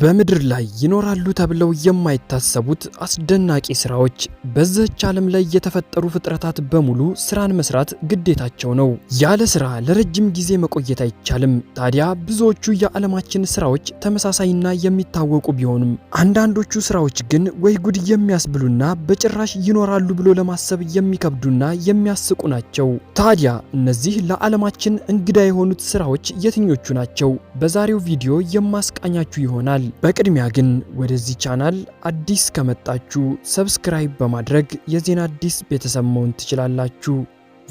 በምድር ላይ ይኖራሉ ተብለው የማይታሰቡት አስደናቂ ስራዎች። በዚህች ዓለም ላይ የተፈጠሩ ፍጥረታት በሙሉ ስራን መስራት ግዴታቸው ነው። ያለ ስራ ለረጅም ጊዜ መቆየት አይቻልም። ታዲያ ብዙዎቹ የዓለማችን ስራዎች ተመሳሳይና የሚታወቁ ቢሆኑም አንዳንዶቹ ስራዎች ግን ወይ ጉድ የሚያስብሉና በጭራሽ ይኖራሉ ብሎ ለማሰብ የሚከብዱና የሚያስቁ ናቸው። ታዲያ እነዚህ ለዓለማችን እንግዳ የሆኑት ስራዎች የትኞቹ ናቸው? በዛሬው ቪዲዮ የማስቃኛችሁ ይሆናል። በቅድሚያ ግን ወደዚህ ቻናል አዲስ ከመጣችሁ ሰብስክራይብ በማድረግ የዜና አዲስ ቤተሰብ መሆን ትችላላችሁ።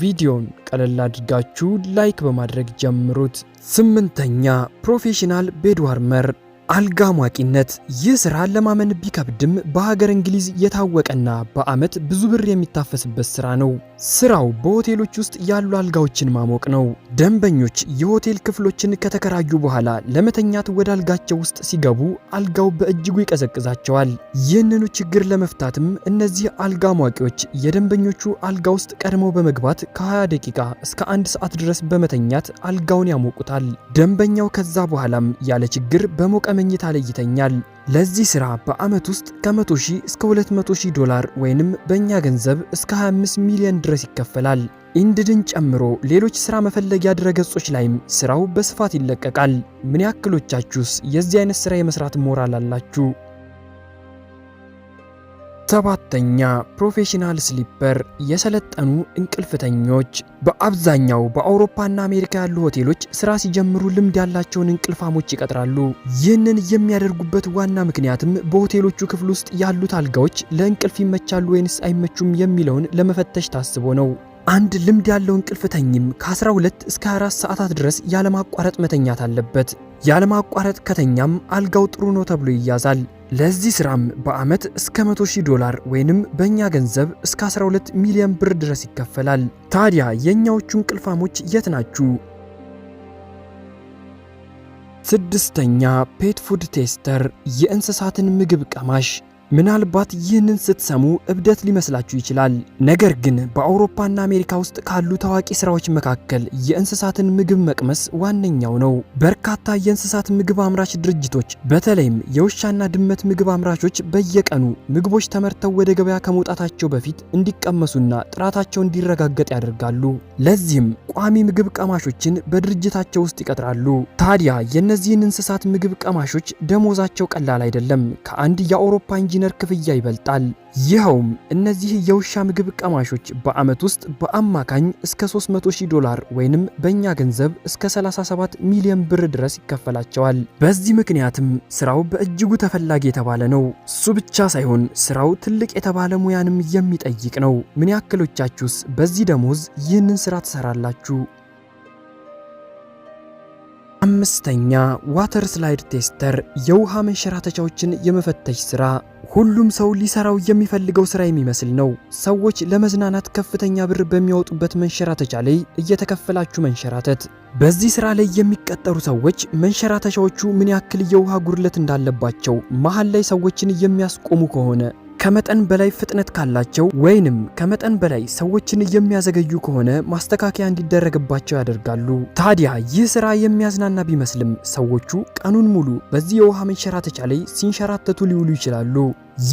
ቪዲዮን ቀለል አድርጋችሁ ላይክ በማድረግ ጀምሩት። ስምንተኛ ፕሮፌሽናል ቤድዋርመር! አልጋ ሟቂነት ይህ ስራ ለማመን ቢከብድም በሀገር እንግሊዝ የታወቀና በአመት ብዙ ብር የሚታፈስበት ስራ ነው። ስራው በሆቴሎች ውስጥ ያሉ አልጋዎችን ማሞቅ ነው። ደንበኞች የሆቴል ክፍሎችን ከተከራዩ በኋላ ለመተኛት ወደ አልጋቸው ውስጥ ሲገቡ አልጋው በእጅጉ ይቀዘቅዛቸዋል። ይህንኑ ችግር ለመፍታትም እነዚህ አልጋ ሟቂዎች የደንበኞቹ አልጋ ውስጥ ቀድመው በመግባት ከ20 ደቂቃ እስከ አንድ ሰዓት ድረስ በመተኛት አልጋውን ያሞቁታል። ደንበኛው ከዛ በኋላም ያለ ችግር በሞቀ መኝታ ላይ ይተኛል። ለዚህ ስራ በአመት ውስጥ ከ100 ሺህ እስከ 200 ሺህ ዶላር ወይንም በእኛ ገንዘብ እስከ 25 ሚሊዮን ድረስ ይከፈላል። ኢንድድን ጨምሮ ሌሎች ስራ መፈለጊያ ድረገጾች ላይም ስራው በስፋት ይለቀቃል። ምን ያክሎቻችሁስ የዚህ አይነት ስራ የመስራት ሞራል አላችሁ? ሰባተኛ ፕሮፌሽናል ስሊፐር የሰለጠኑ እንቅልፍተኞች። በአብዛኛው በአውሮፓና አሜሪካ ያሉ ሆቴሎች ስራ ሲጀምሩ ልምድ ያላቸውን እንቅልፋሞች ይቀጥራሉ። ይህንን የሚያደርጉበት ዋና ምክንያትም በሆቴሎቹ ክፍል ውስጥ ያሉት አልጋዎች ለእንቅልፍ ይመቻሉ ወይንስ አይመቹም የሚለውን ለመፈተሽ ታስቦ ነው። አንድ ልምድ ያለው እንቅልፍተኝም ከ12 እስከ 24 ሰዓታት ድረስ ያለማቋረጥ መተኛት አለበት። ያለማቋረጥ ከተኛም አልጋው ጥሩ ነው ተብሎ ይያዛል። ለዚህ ስራም በአመት እስከ 100 ሺህ ዶላር ወይንም በእኛ ገንዘብ እስከ 12 ሚሊዮን ብር ድረስ ይከፈላል። ታዲያ የእኛዎቹ እንቅልፋሞች የት ናችሁ? ስድስተኛ ፔት ፉድ ቴስተር የእንስሳትን ምግብ ቀማሽ ምናልባት ይህንን ስትሰሙ እብደት ሊመስላችሁ ይችላል። ነገር ግን በአውሮፓና አሜሪካ ውስጥ ካሉ ታዋቂ ስራዎች መካከል የእንስሳትን ምግብ መቅመስ ዋነኛው ነው። በርካታ የእንስሳት ምግብ አምራች ድርጅቶች በተለይም የውሻና ድመት ምግብ አምራቾች በየቀኑ ምግቦች ተመርተው ወደ ገበያ ከመውጣታቸው በፊት እንዲቀመሱና ጥራታቸው እንዲረጋገጥ ያደርጋሉ። ለዚህም ቋሚ ምግብ ቀማሾችን በድርጅታቸው ውስጥ ይቀጥራሉ። ታዲያ የእነዚህን እንስሳት ምግብ ቀማሾች ደሞዛቸው ቀላል አይደለም። ከአንድ የአውሮፓ ኢንጂነር ክፍያ ይበልጣል። ይኸውም እነዚህ የውሻ ምግብ ቀማሾች በዓመት ውስጥ በአማካኝ እስከ 300000 ዶላር ወይንም በእኛ ገንዘብ እስከ 37 ሚሊዮን ብር ድረስ ይከፈላቸዋል። በዚህ ምክንያትም ስራው በእጅጉ ተፈላጊ የተባለ ነው። እሱ ብቻ ሳይሆን ስራው ትልቅ የተባለ ሙያንም የሚጠይቅ ነው። ምን ያክሎቻችሁስ በዚህ ደሞዝ ይህንን ስራ ትሰራላችሁ? አምስተኛ ዋተር ስላይድ ቴስተር የውሃ መንሸራተቻዎችን የመፈተሽ ስራ ሁሉም ሰው ሊሰራው የሚፈልገው ስራ የሚመስል ነው። ሰዎች ለመዝናናት ከፍተኛ ብር በሚያወጡበት መንሸራተቻ ላይ እየተከፈላችሁ መንሸራተት። በዚህ ስራ ላይ የሚቀጠሩ ሰዎች መንሸራተቻዎቹ ምን ያክል የውሃ ጉድለት እንዳለባቸው መሀል ላይ ሰዎችን የሚያስቆሙ ከሆነ ከመጠን በላይ ፍጥነት ካላቸው ወይንም ከመጠን በላይ ሰዎችን የሚያዘገዩ ከሆነ ማስተካከያ እንዲደረግባቸው ያደርጋሉ። ታዲያ ይህ ስራ የሚያዝናና ቢመስልም ሰዎቹ ቀኑን ሙሉ በዚህ የውሃ መንሸራተቻ ላይ ሲንሸራተቱ ሊውሉ ይችላሉ።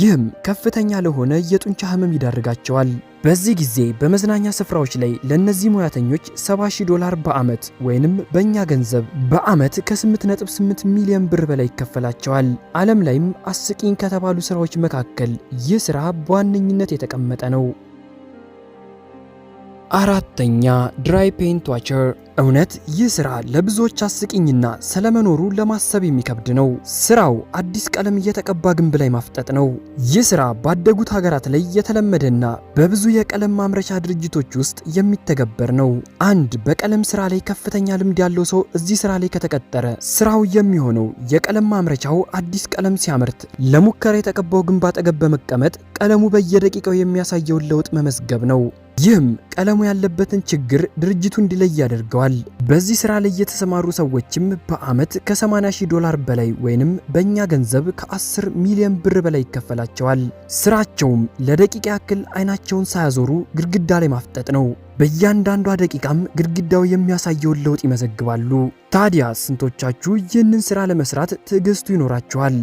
ይህም ከፍተኛ ለሆነ የጡንቻ ህመም ይዳርጋቸዋል። በዚህ ጊዜ በመዝናኛ ስፍራዎች ላይ ለእነዚህ ሙያተኞች 70 ዶላር በዓመት ወይንም በእኛ ገንዘብ በዓመት ከ8.8 ሚሊዮን ብር በላይ ይከፈላቸዋል። ዓለም ላይም አስቂኝ ከተባሉ ስራዎች መካከል ይህ ስራ በዋነኝነት የተቀመጠ ነው። አራተኛ ድራይ ፔንት ዋቸር እውነት ይህ ስራ ለብዙዎች አስቂኝና ስለመኖሩ ለማሰብ የሚከብድ ነው። ስራው አዲስ ቀለም እየተቀባ ግንብ ላይ ማፍጠጥ ነው። ይህ ስራ ባደጉት ሀገራት ላይ የተለመደና በብዙ የቀለም ማምረቻ ድርጅቶች ውስጥ የሚተገበር ነው። አንድ በቀለም ስራ ላይ ከፍተኛ ልምድ ያለው ሰው እዚህ ስራ ላይ ከተቀጠረ ስራው የሚሆነው የቀለም ማምረቻው አዲስ ቀለም ሲያመርት ለሙከራ የተቀባው ግንብ አጠገብ በመቀመጥ ቀለሙ በየደቂቃው የሚያሳየውን ለውጥ መመዝገብ ነው። ይህም ቀለሙ ያለበትን ችግር ድርጅቱ እንዲለይ ያደርገዋል። ተገልጿል። በዚህ ስራ ላይ የተሰማሩ ሰዎችም በአመት ከ80 ሺህ ዶላር በላይ ወይንም በእኛ ገንዘብ ከ10 ሚሊዮን ብር በላይ ይከፈላቸዋል። ስራቸውም ለደቂቃ ያክል አይናቸውን ሳያዞሩ ግድግዳ ላይ ማፍጠጥ ነው። በእያንዳንዷ ደቂቃም ግድግዳው የሚያሳየውን ለውጥ ይመዘግባሉ። ታዲያ ስንቶቻችሁ ይህንን ስራ ለመስራት ትዕግስቱ ይኖራችኋል?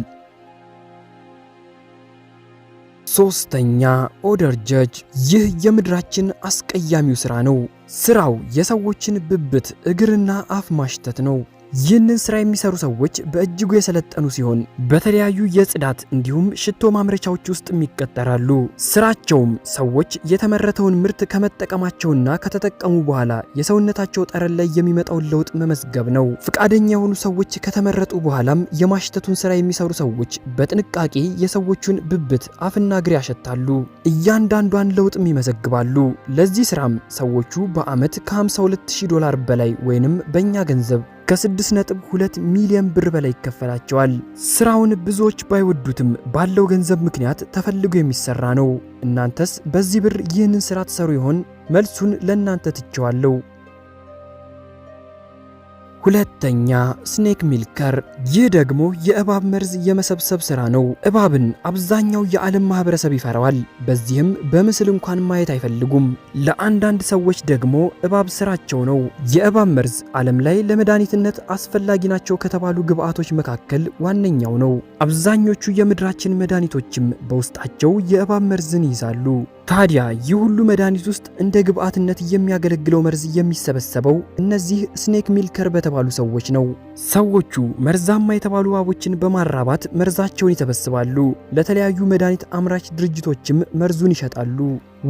ሶስተኛ ኦደር ጀጅ። ይህ የምድራችን አስቀያሚው ስራ ነው። ስራው የሰዎችን ብብት እግርና አፍ ማሽተት ነው። ይህንን ስራ የሚሰሩ ሰዎች በእጅጉ የሰለጠኑ ሲሆን በተለያዩ የጽዳት እንዲሁም ሽቶ ማምረቻዎች ውስጥ ይቀጠራሉ። ስራቸውም ሰዎች የተመረተውን ምርት ከመጠቀማቸውና ከተጠቀሙ በኋላ የሰውነታቸው ጠረን ላይ የሚመጣውን ለውጥ መመዝገብ ነው። ፍቃደኛ የሆኑ ሰዎች ከተመረጡ በኋላም የማሽተቱን ስራ የሚሰሩ ሰዎች በጥንቃቄ የሰዎቹን ብብት፣ አፍና እግር ያሸታሉ። እያንዳንዷን ለውጥም ይመዘግባሉ። ለዚህ ስራም ሰዎቹ በአመት ከ52000 ዶላር በላይ ወይንም በእኛ ገንዘብ ከ6.2 ሚሊዮን ብር በላይ ይከፈላቸዋል። ስራውን ብዙዎች ባይወዱትም ባለው ገንዘብ ምክንያት ተፈልጎ የሚሰራ ነው። እናንተስ በዚህ ብር ይህንን ስራ ትሰሩ ይሆን? መልሱን ለእናንተ ትቸዋለሁ። ሁለተኛ ስኔክ ሚልከር። ይህ ደግሞ የእባብ መርዝ የመሰብሰብ ስራ ነው። እባብን አብዛኛው የዓለም ማህበረሰብ ይፈራዋል። በዚህም በምስል እንኳን ማየት አይፈልጉም። ለአንዳንድ ሰዎች ደግሞ እባብ ስራቸው ነው። የእባብ መርዝ ዓለም ላይ ለመድኃኒትነት አስፈላጊ ናቸው ከተባሉ ግብአቶች መካከል ዋነኛው ነው። አብዛኞቹ የምድራችን መድኃኒቶችም በውስጣቸው የእባብ መርዝን ይይዛሉ። ታዲያ ይህ ሁሉ መድኃኒት ውስጥ እንደ ግብአትነት የሚያገለግለው መርዝ የሚሰበሰበው እነዚህ ስኔክ ሚልከር በተባሉ ሰዎች ነው። ሰዎቹ መርዛማ የተባሉ እባቦችን በማራባት መርዛቸውን ይሰበስባሉ። ለተለያዩ መድኃኒት አምራች ድርጅቶችም መርዙን ይሸጣሉ።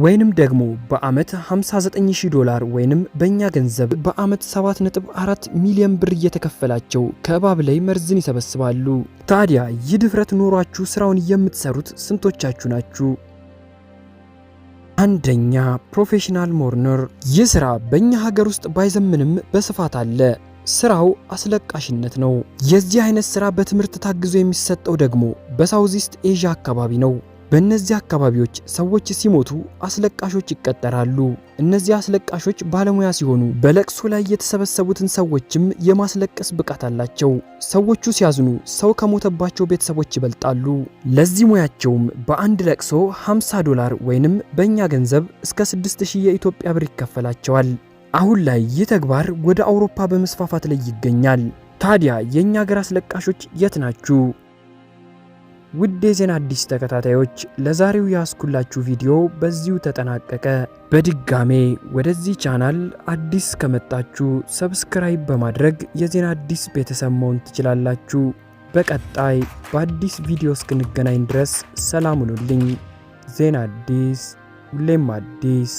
ወይንም ደግሞ በአመት 59000 ዶላር ወይንም በእኛ ገንዘብ በአመት 7.4 ሚሊዮን ብር እየተከፈላቸው ከእባብ ላይ መርዝን ይሰበስባሉ። ታዲያ ይህ ድፍረት ኖሯችሁ ስራውን የምትሰሩት ስንቶቻችሁ ናችሁ? አንደኛ ፕሮፌሽናል ሞርነር። ይህ ስራ በእኛ ሀገር ውስጥ ባይዘምንም በስፋት አለ። ስራው አስለቃሽነት ነው። የዚህ አይነት ስራ በትምህርት ታግዞ የሚሰጠው ደግሞ በሳውዚስት ኢስት ኤዥያ አካባቢ ነው። በእነዚህ አካባቢዎች ሰዎች ሲሞቱ አስለቃሾች ይቀጠራሉ። እነዚህ አስለቃሾች ባለሙያ ሲሆኑ በለቅሶ ላይ የተሰበሰቡትን ሰዎችም የማስለቀስ ብቃት አላቸው። ሰዎቹ ሲያዝኑ ሰው ከሞተባቸው ቤተሰቦች ይበልጣሉ። ለዚህ ሙያቸውም በአንድ ለቅሶ 50 ዶላር ወይንም በእኛ ገንዘብ እስከ 6000 የኢትዮጵያ ብር ይከፈላቸዋል። አሁን ላይ ይህ ተግባር ወደ አውሮፓ በመስፋፋት ላይ ይገኛል። ታዲያ የእኛ ሀገር አስለቃሾች የት ናችሁ? ውድ የዜና አዲስ ተከታታዮች ለዛሬው ያስኩላችሁ ቪዲዮ በዚሁ ተጠናቀቀ። በድጋሜ ወደዚህ ቻናል አዲስ ከመጣችሁ ሰብስክራይብ በማድረግ የዜና አዲስ ቤተሰብ መሆን ትችላላችሁ። በቀጣይ በአዲስ ቪዲዮ እስክንገናኝ ድረስ ሰላም ሁኑልኝ። ዜና አዲስ ሁሌም አዲስ